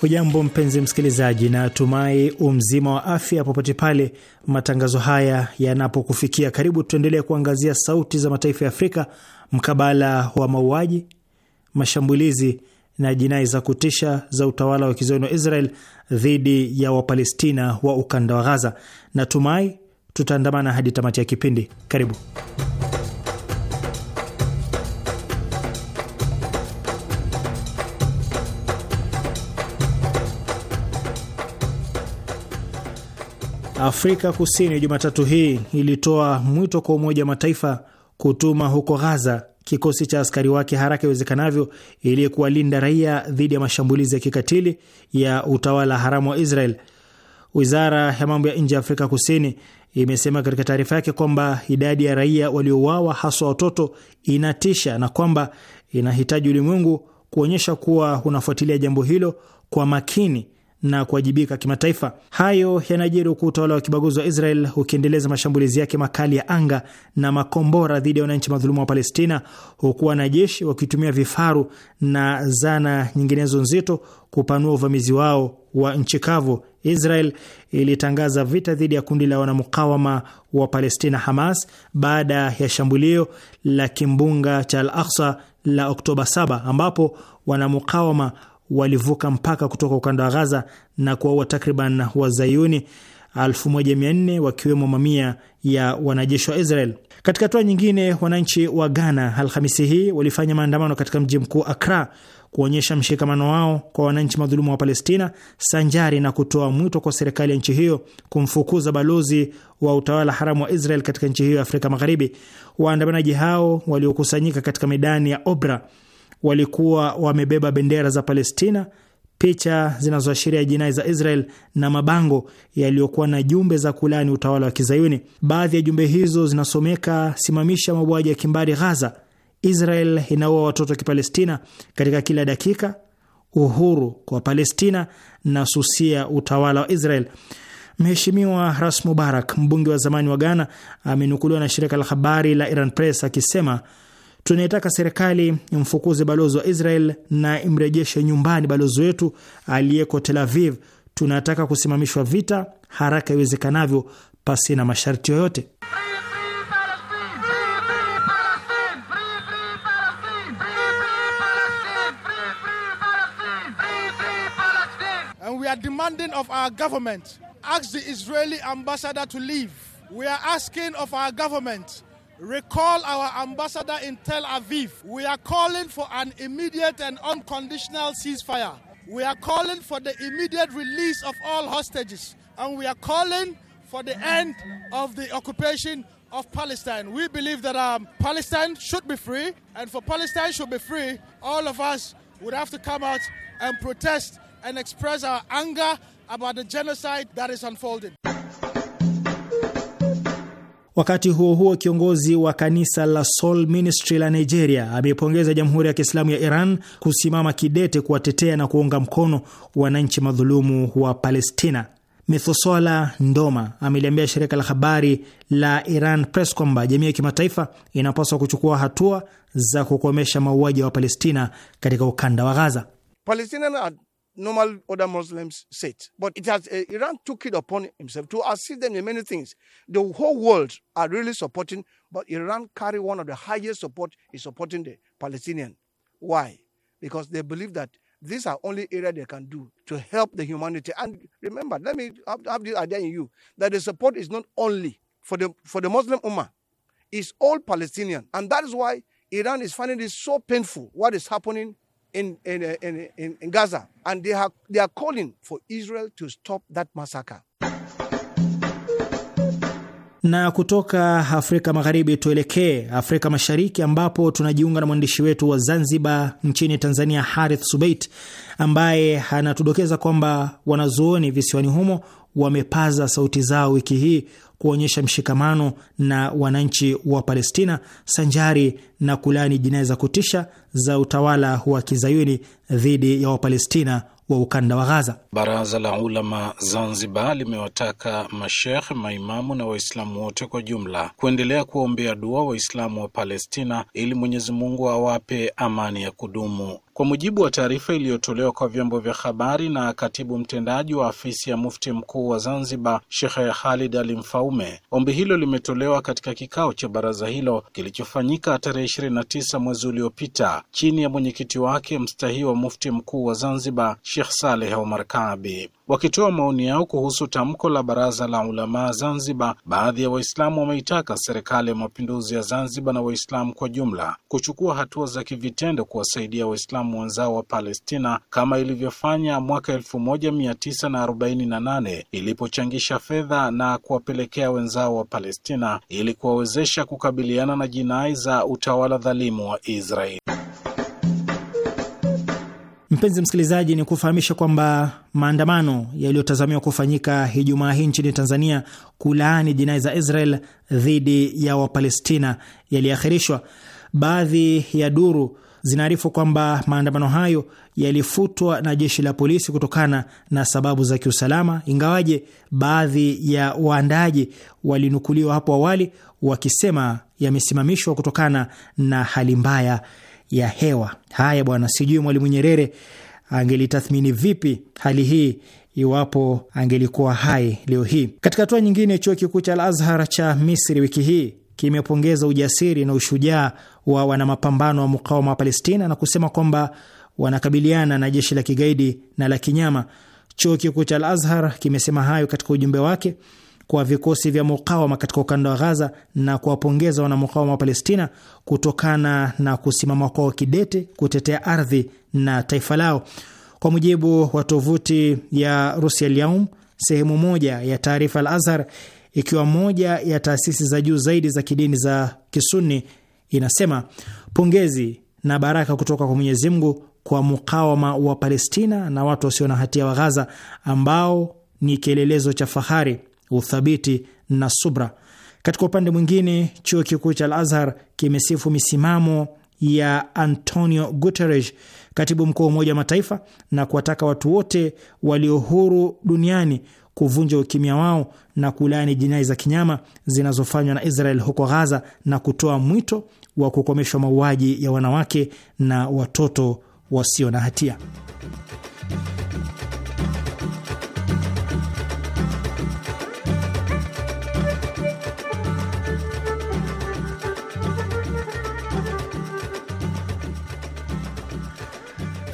Hujambo mpenzi msikilizaji, na tumai umzima wa afya popote pale matangazo haya yanapokufikia. Karibu tuendelee kuangazia sauti za mataifa ya Afrika mkabala wa mauaji, mashambulizi na jinai za kutisha za utawala wa kizayuni wa Israel dhidi ya Wapalestina wa ukanda wa Ghaza. Natumai Tutaandamana hadi tamati ya kipindi. Karibu. Afrika Kusini Jumatatu hii ilitoa mwito kwa Umoja wa Mataifa kutuma huko Ghaza kikosi cha askari wake haraka iwezekanavyo ili kuwalinda raia dhidi ya mashambulizi ya kikatili ya utawala haramu wa Israel Wizara ya mambo ya nje ya Afrika Kusini imesema katika taarifa yake kwamba idadi ya raia waliouawa haswa watoto inatisha na kwamba inahitaji ulimwengu kuonyesha kuwa unafuatilia jambo hilo kwa makini na kuwajibika kimataifa. Hayo yanajiri huku utawala wa kibaguzi wa Israel ukiendeleza mashambulizi yake makali ya anga na makombora dhidi ya wananchi madhulumu wa Palestina, huku wanajeshi wakitumia vifaru na zana nyinginezo nzito kupanua uvamizi wao wa nchi kavu Israel ilitangaza vita dhidi ya kundi la wanamukawama wa Palestina, Hamas, baada ya shambulio la kimbunga cha Al Aksa la Oktoba 7 ambapo wanamukawama walivuka mpaka kutoka ukanda wa Ghaza na kuwaua takriban wazayuni 1400 wakiwemo mamia ya wanajeshi wa Israel. Katika hatua nyingine, wananchi wa Ghana Alhamisi hii walifanya maandamano katika mji mkuu Akra kuonyesha mshikamano wao kwa wananchi madhulumu wa Palestina, sanjari na kutoa mwito kwa serikali ya nchi hiyo kumfukuza balozi wa utawala haramu wa Israel katika nchi hiyo ya Afrika Magharibi. Waandamanaji hao waliokusanyika katika medani ya Obra walikuwa wamebeba bendera za Palestina, picha zinazoashiria jinai za Israel na mabango yaliyokuwa na jumbe za kulani utawala wa Kizayuni. Baadhi ya jumbe hizo zinasomeka: simamisha mauaji ya kimbari Ghaza, Israel inaua watoto wa Kipalestina katika kila dakika, uhuru kwa Palestina na susia utawala wa Israel. Mheshimiwa Ras Mubarak, mbunge wa zamani wa Ghana, amenukuliwa na shirika la habari la Iran Press akisema tunaitaka serikali imfukuze balozi wa Israel na imrejeshe nyumbani balozi wetu aliyeko Tel Aviv. Tunataka kusimamishwa vita haraka iwezekanavyo, pasi na masharti yoyote. And we are demanding of our government, ask the Israeli ambassador to leave. We are asking of our government, recall our ambassador in Tel Aviv. We are calling for an immediate and unconditional ceasefire. We are calling for the immediate release of all hostages. And we are calling for the end of the occupation of Palestine. We believe that um, Palestine should be free, and for Palestine should be free, all of us would have to come out and protest and express our anger about the genocide that is unfolding. Wakati huo huo, kiongozi wa kanisa la Soul Ministry la Nigeria ameipongeza Jamhuri ya Kiislamu ya Iran kusimama kidete kuwatetea na kuunga mkono wananchi madhulumu wa Palestina. methosola Ndoma ameliambia shirika la habari la Iran Press kwamba jamii ya kimataifa inapaswa kuchukua hatua za kukomesha mauaji ya Wapalestina katika ukanda wa Gaza. are normal other Muslims said, But it has uh, Iran took it upon himself to assist them in many things. The whole world are really supporting, but Iran carry one of the highest support is supporting the Palestinian. Why? Because they believe that these are only area they can do to help the humanity. And remember, let me have, have this idea in you that the support is not only for the for the Muslim Ummah, it's all Palestinian, and that is why Iran is finding it so painful what is happening in, in, uh, in, in, in Gaza, and they, have, they are calling for Israel to stop that massacre. Na kutoka Afrika Magharibi tuelekee Afrika Mashariki ambapo tunajiunga na mwandishi wetu wa Zanzibar nchini Tanzania, Harith Subait, ambaye anatudokeza kwamba wanazuoni visiwani humo wamepaza sauti zao wiki hii kuonyesha mshikamano na wananchi wa Palestina sanjari na kulani jinai za kutisha za utawala wa kizayuni dhidi ya Wapalestina wa ukanda wa Ghaza. Baraza la Ulama Zanzibar limewataka mashekh, maimamu na Waislamu wote kwa jumla kuendelea kuwaombea dua Waislamu wa Palestina ili Mwenyezi Mungu awape amani ya kudumu. Kwa mujibu wa taarifa iliyotolewa kwa vyombo vya habari na katibu mtendaji wa afisi ya mufti mkuu wa Zanzibar, Shekhe Khalid Ali Mfaume, ombi hilo limetolewa katika kikao cha baraza hilo kilichofanyika tarehe 29 mwezi uliopita chini ya mwenyekiti wake mstahii wa mufti mkuu wa Zanzibar Sheikh Saleh Omar Wakitoa maoni yao kuhusu tamko la Baraza la Ulamaa Zanzibar, baadhi ya Waislamu wameitaka Serikali ya Mapinduzi ya Zanzibar na Waislamu kwa jumla kuchukua hatua za kivitendo kuwasaidia Waislamu wenzao wa Palestina kama ilivyofanya mwaka elfu moja mia tisa na arobaini na nane ilipochangisha fedha na kuwapelekea wenzao wa Palestina ili kuwawezesha kukabiliana na jinai za utawala dhalimu wa Israeli mpenzi msikilizaji, ni kufahamisha kwamba maandamano yaliyotazamiwa kufanyika Ijumaa hii nchini Tanzania kulaani jinai za Israel dhidi ya Wapalestina yaliahirishwa. Baadhi ya duru zinaarifu kwamba maandamano hayo yalifutwa na jeshi la polisi kutokana na sababu za kiusalama, ingawaje baadhi ya waandaaji walinukuliwa hapo awali wakisema yamesimamishwa kutokana na hali mbaya ya hewa. Haya bwana, sijui Mwalimu Nyerere angelitathmini vipi hali hii iwapo angelikuwa hai leo hii. Katika hatua nyingine, chuo kikuu cha Al Azhar cha Misri wiki hii kimepongeza ujasiri na ushujaa wa wanamapambano wa mukawama wa Palestina na kusema kwamba wanakabiliana na jeshi la kigaidi na la kinyama. Chuo kikuu cha Al Azhar kimesema hayo katika ujumbe wake kwa vikosi vya mukawama katika ukanda wa Ghaza na kuwapongeza wanamukawama wa Palestina kutokana na kusimama kwao kidete kutetea ardhi na taifa lao. Kwa mujibu wa tovuti ya Rusia Lyaum, sehemu moja ya taarifa Al Azhar, ikiwa moja ya taasisi za juu zaidi za kidini za Kisuni, inasema pongezi na baraka kutoka kwa Mwenyezi Mungu kwa mukawama wa Palestina na watu wasio na hatia wa Ghaza ambao ni kielelezo cha fahari uthabiti na subra. Katika upande mwingine, chuo kikuu cha Al Azhar kimesifu misimamo ya Antonio Guterres, katibu mkuu wa Umoja wa Mataifa, na kuwataka watu wote walio huru duniani kuvunja ukimya wao na kulaani jinai za kinyama zinazofanywa na Israel huko Ghaza na kutoa mwito wa kukomeshwa mauaji ya wanawake na watoto wasio na hatia.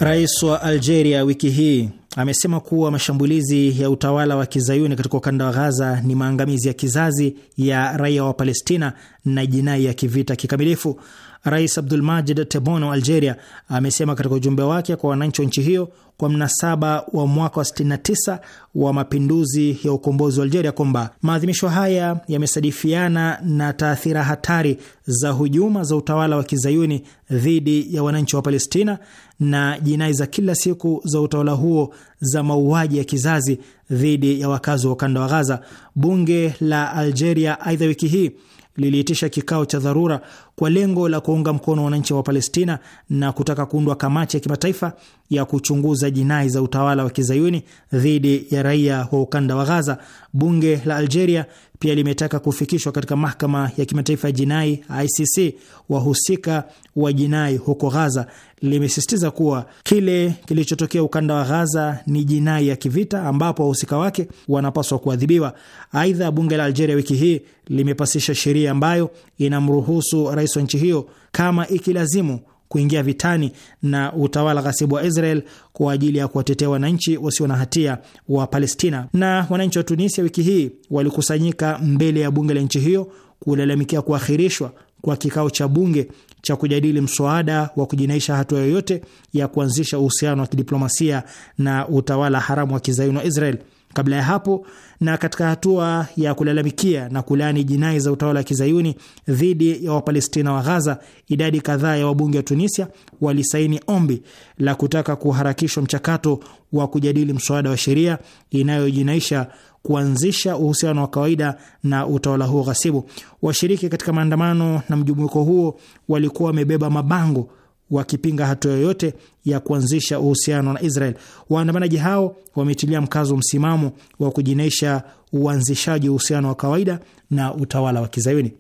Rais wa Algeria wiki hii amesema kuwa mashambulizi ya utawala wa kizayuni katika ukanda wa Ghaza ni maangamizi ya kizazi ya raia wa Palestina na jinai ya kivita kikamilifu. Rais abdul majid Tebboune wa Algeria amesema katika ujumbe wake kwa wananchi wa nchi hiyo kwa mnasaba wa mwaka wa 69 wa mapinduzi ya ukombozi wa Algeria kwamba maadhimisho haya yamesadifiana na taathira hatari za hujuma za utawala wa kizayuni dhidi ya wananchi wa Palestina na jinai za kila siku za utawala huo za mauaji ya kizazi dhidi ya wakazi wa ukanda wa Ghaza. Bunge la Algeria aidha wiki hii liliitisha kikao cha dharura kwa lengo la kuunga mkono wananchi wa Palestina na kutaka kuundwa kamati ya kimataifa ya kuchunguza jinai za utawala wa kizayuni dhidi ya raia wa ukanda wa Ghaza. Bunge la Algeria pia limetaka kufikishwa katika mahakama ya kimataifa ya jinai ICC wahusika wa jinai huko Ghaza. Limesisitiza kuwa kile kilichotokea ukanda wa Ghaza ni jinai ya kivita ambapo wahusika wake wanapaswa kuadhibiwa. Aidha, bunge la Algeria wiki hii limepasisha sheria ambayo inamruhusu rais wa nchi hiyo kama ikilazimu kuingia vitani na utawala ghasibu wa Israel kwa ajili ya kuwatetea wananchi wasio na hatia wa Palestina. Na wananchi wa Tunisia wiki hii walikusanyika mbele ya bunge la nchi hiyo kulalamikia kuahirishwa kwa kikao cha bunge cha kujadili mswada wa kujinaisha hatua yoyote ya kuanzisha uhusiano wa kidiplomasia na utawala haramu wa kizayuni wa Israel kabla ya hapo na katika hatua ya kulalamikia na kulaani jinai za utawala wa kizayuni dhidi ya Wapalestina wa Ghaza, idadi kadhaa ya wabunge wa Tunisia walisaini ombi la kutaka kuharakishwa mchakato wa kujadili mswada wa sheria inayojinaisha kuanzisha uhusiano wa kawaida na utawala huo ghasibu. Washiriki katika maandamano na mjumuiko huo walikuwa wamebeba mabango wakipinga hatua yoyote ya kuanzisha uhusiano na Israel. Waandamanaji hao wametilia mkazo msimamo wa kujinaisha uanzishaji uhusiano wa kawaida na utawala wa Kizayuni.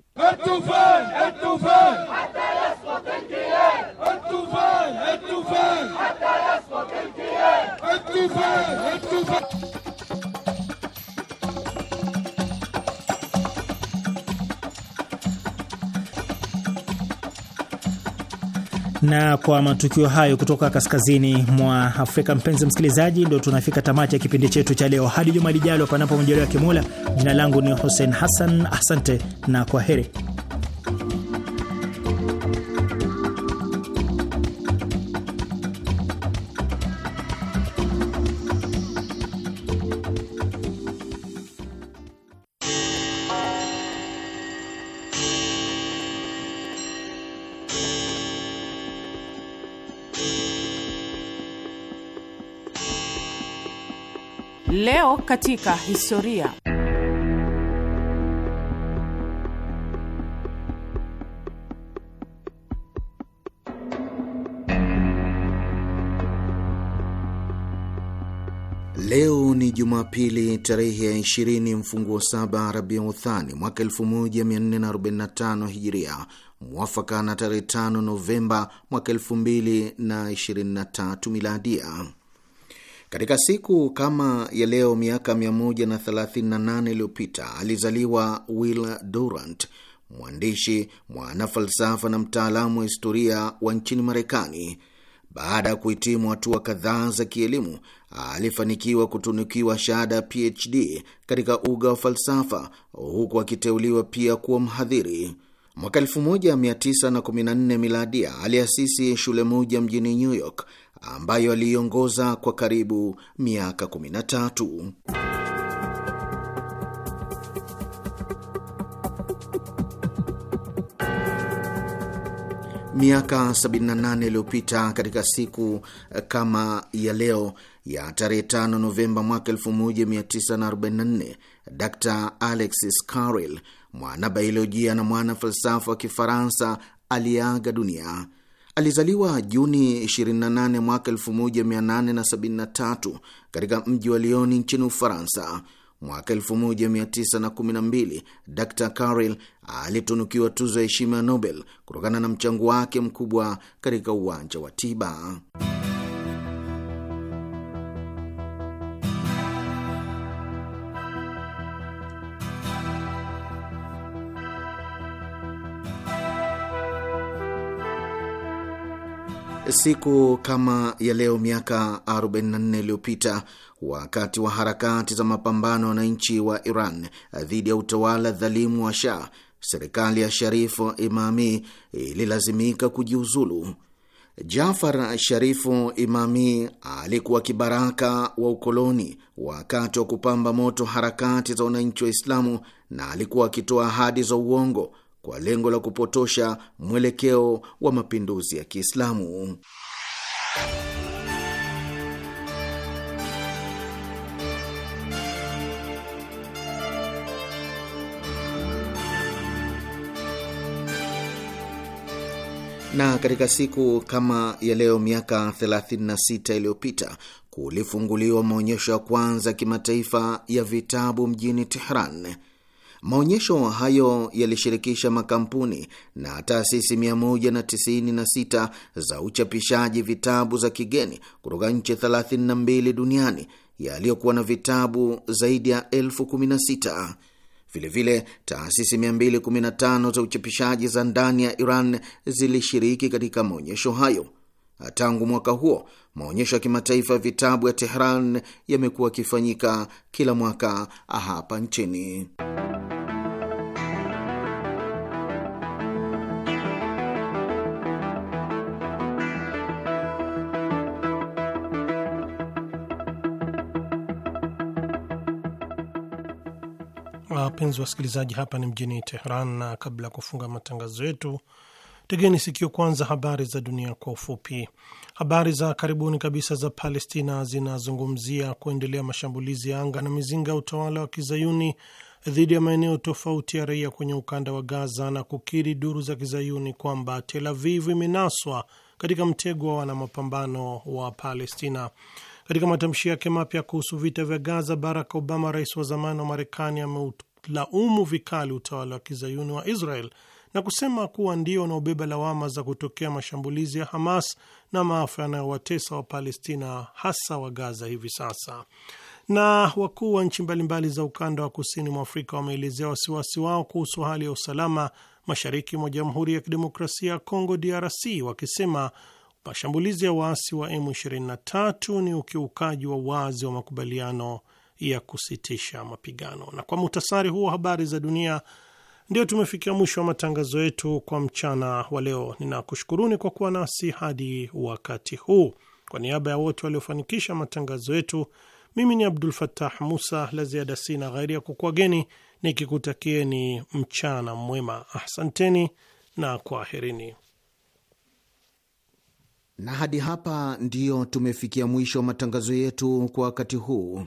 na kwa matukio hayo kutoka kaskazini mwa Afrika, mpenzi msikilizaji, ndo tunafika tamati ya kipindi chetu cha leo. Hadi juma lijalo, panapo mjaliwa ya Kimola. Jina langu ni Hussein Hassan, asante na kwa heri. katika historia. Leo ni Jumapili tarehe ya 20 mfunguo saba Rabiu Thani mwaka 1445 Hijiria, mwafaka na tarehe 5 Novemba mwaka 2023 Miladia. Katika siku kama ya leo miaka 138 iliyopita alizaliwa Will Durant, mwandishi, mwanafalsafa na mtaalamu wa historia wa nchini Marekani. Baada ya kuhitimu hatua kadhaa za kielimu, alifanikiwa kutunukiwa shahada ya PhD katika uga wa falsafa, huku akiteuliwa pia kuwa mhadhiri. Mwaka 1914 miladia aliasisi shule moja mjini New York ambayo aliiongoza kwa karibu miaka 13. Miaka 78 iliyopita katika siku kama ya leo ya tarehe 5 Novemba mwaka 1944 Dr Alexis Carrel, mwana baiolojia na mwana falsafa wa Kifaransa, aliaga dunia. Alizaliwa Juni 28 mwaka 1873 katika mji wa Lioni nchini Ufaransa. Mwaka 1912 Dr Carel alitunukiwa tuzo ya heshima ya Nobel kutokana na mchango wake mkubwa katika uwanja wa tiba. Siku kama ya leo miaka 44 iliyopita, wakati wa harakati za mapambano ya wananchi wa Iran dhidi ya utawala dhalimu wa Shah, serikali ya Sharifu Imami ililazimika kujiuzulu. Jafar Sharifu Imami alikuwa kibaraka wa ukoloni wakati wa kupamba moto harakati za wananchi wa Islamu, na alikuwa akitoa ahadi za uongo kwa lengo la kupotosha mwelekeo wa mapinduzi ya Kiislamu. Na katika siku kama ya leo miaka 36 iliyopita kulifunguliwa maonyesho ya kwanza kimataifa ya vitabu mjini Tehran. Maonyesho hayo yalishirikisha makampuni na taasisi 196 za uchapishaji vitabu za kigeni kutoka nchi 32 duniani yaliyokuwa na vitabu zaidi ya elfu 16. Vilevile, taasisi 215 za uchapishaji za ndani ya Iran zilishiriki katika maonyesho hayo. Tangu mwaka huo maonyesho ya kimataifa ya vitabu ya Tehran yamekuwa yakifanyika kila mwaka hapa nchini. wapenzi wasikilizaji, hapa ni mjini Teheran, na kabla ya kufunga matangazo yetu, tegeni sikio kwanza habari za dunia kwa ufupi. Habari za karibuni kabisa za Palestina zinazungumzia kuendelea mashambulizi ya anga na mizinga ya utawala wa kizayuni dhidi ya maeneo tofauti ya raia kwenye ukanda wa Gaza na kukiri duru za kizayuni kwamba Tel Aviv imenaswa katika mtego wa wanamapambano wa Palestina. Katika matamshi yake mapya kuhusu vita vya Gaza, Barack Obama, rais wa zamani wa Marekani, laumu vikali utawala wa kizayuni wa Israel na kusema kuwa ndio wanaobeba lawama za kutokea mashambulizi ya Hamas na maafa yanayowatesa wa Palestina hasa wa Gaza hivi sasa. Na wakuu wa nchi mbalimbali za ukanda wa kusini mwa Afrika wameelezea wasiwasi wao kuhusu hali ya usalama mashariki mwa Jamhuri ya Kidemokrasia ya Kongo, DRC, wakisema mashambulizi ya waasi wa M23 ni ukiukaji wa wazi wa makubaliano ya kusitisha mapigano. Na kwa muhtasari huu habari za dunia, ndio tumefikia mwisho wa matangazo yetu kwa mchana wa leo. Ninakushukuruni kwa kuwa nasi hadi wakati huu. Kwa niaba ya wote waliofanikisha matangazo yetu, mimi ni Abdul fatah Musa. La ziada sina ghairi ya kukuageni nikikutakieni mchana mwema. asanteni na kwaherini. Na hadi hapa ndiyo tumefikia mwisho wa matangazo yetu kwa wakati huu.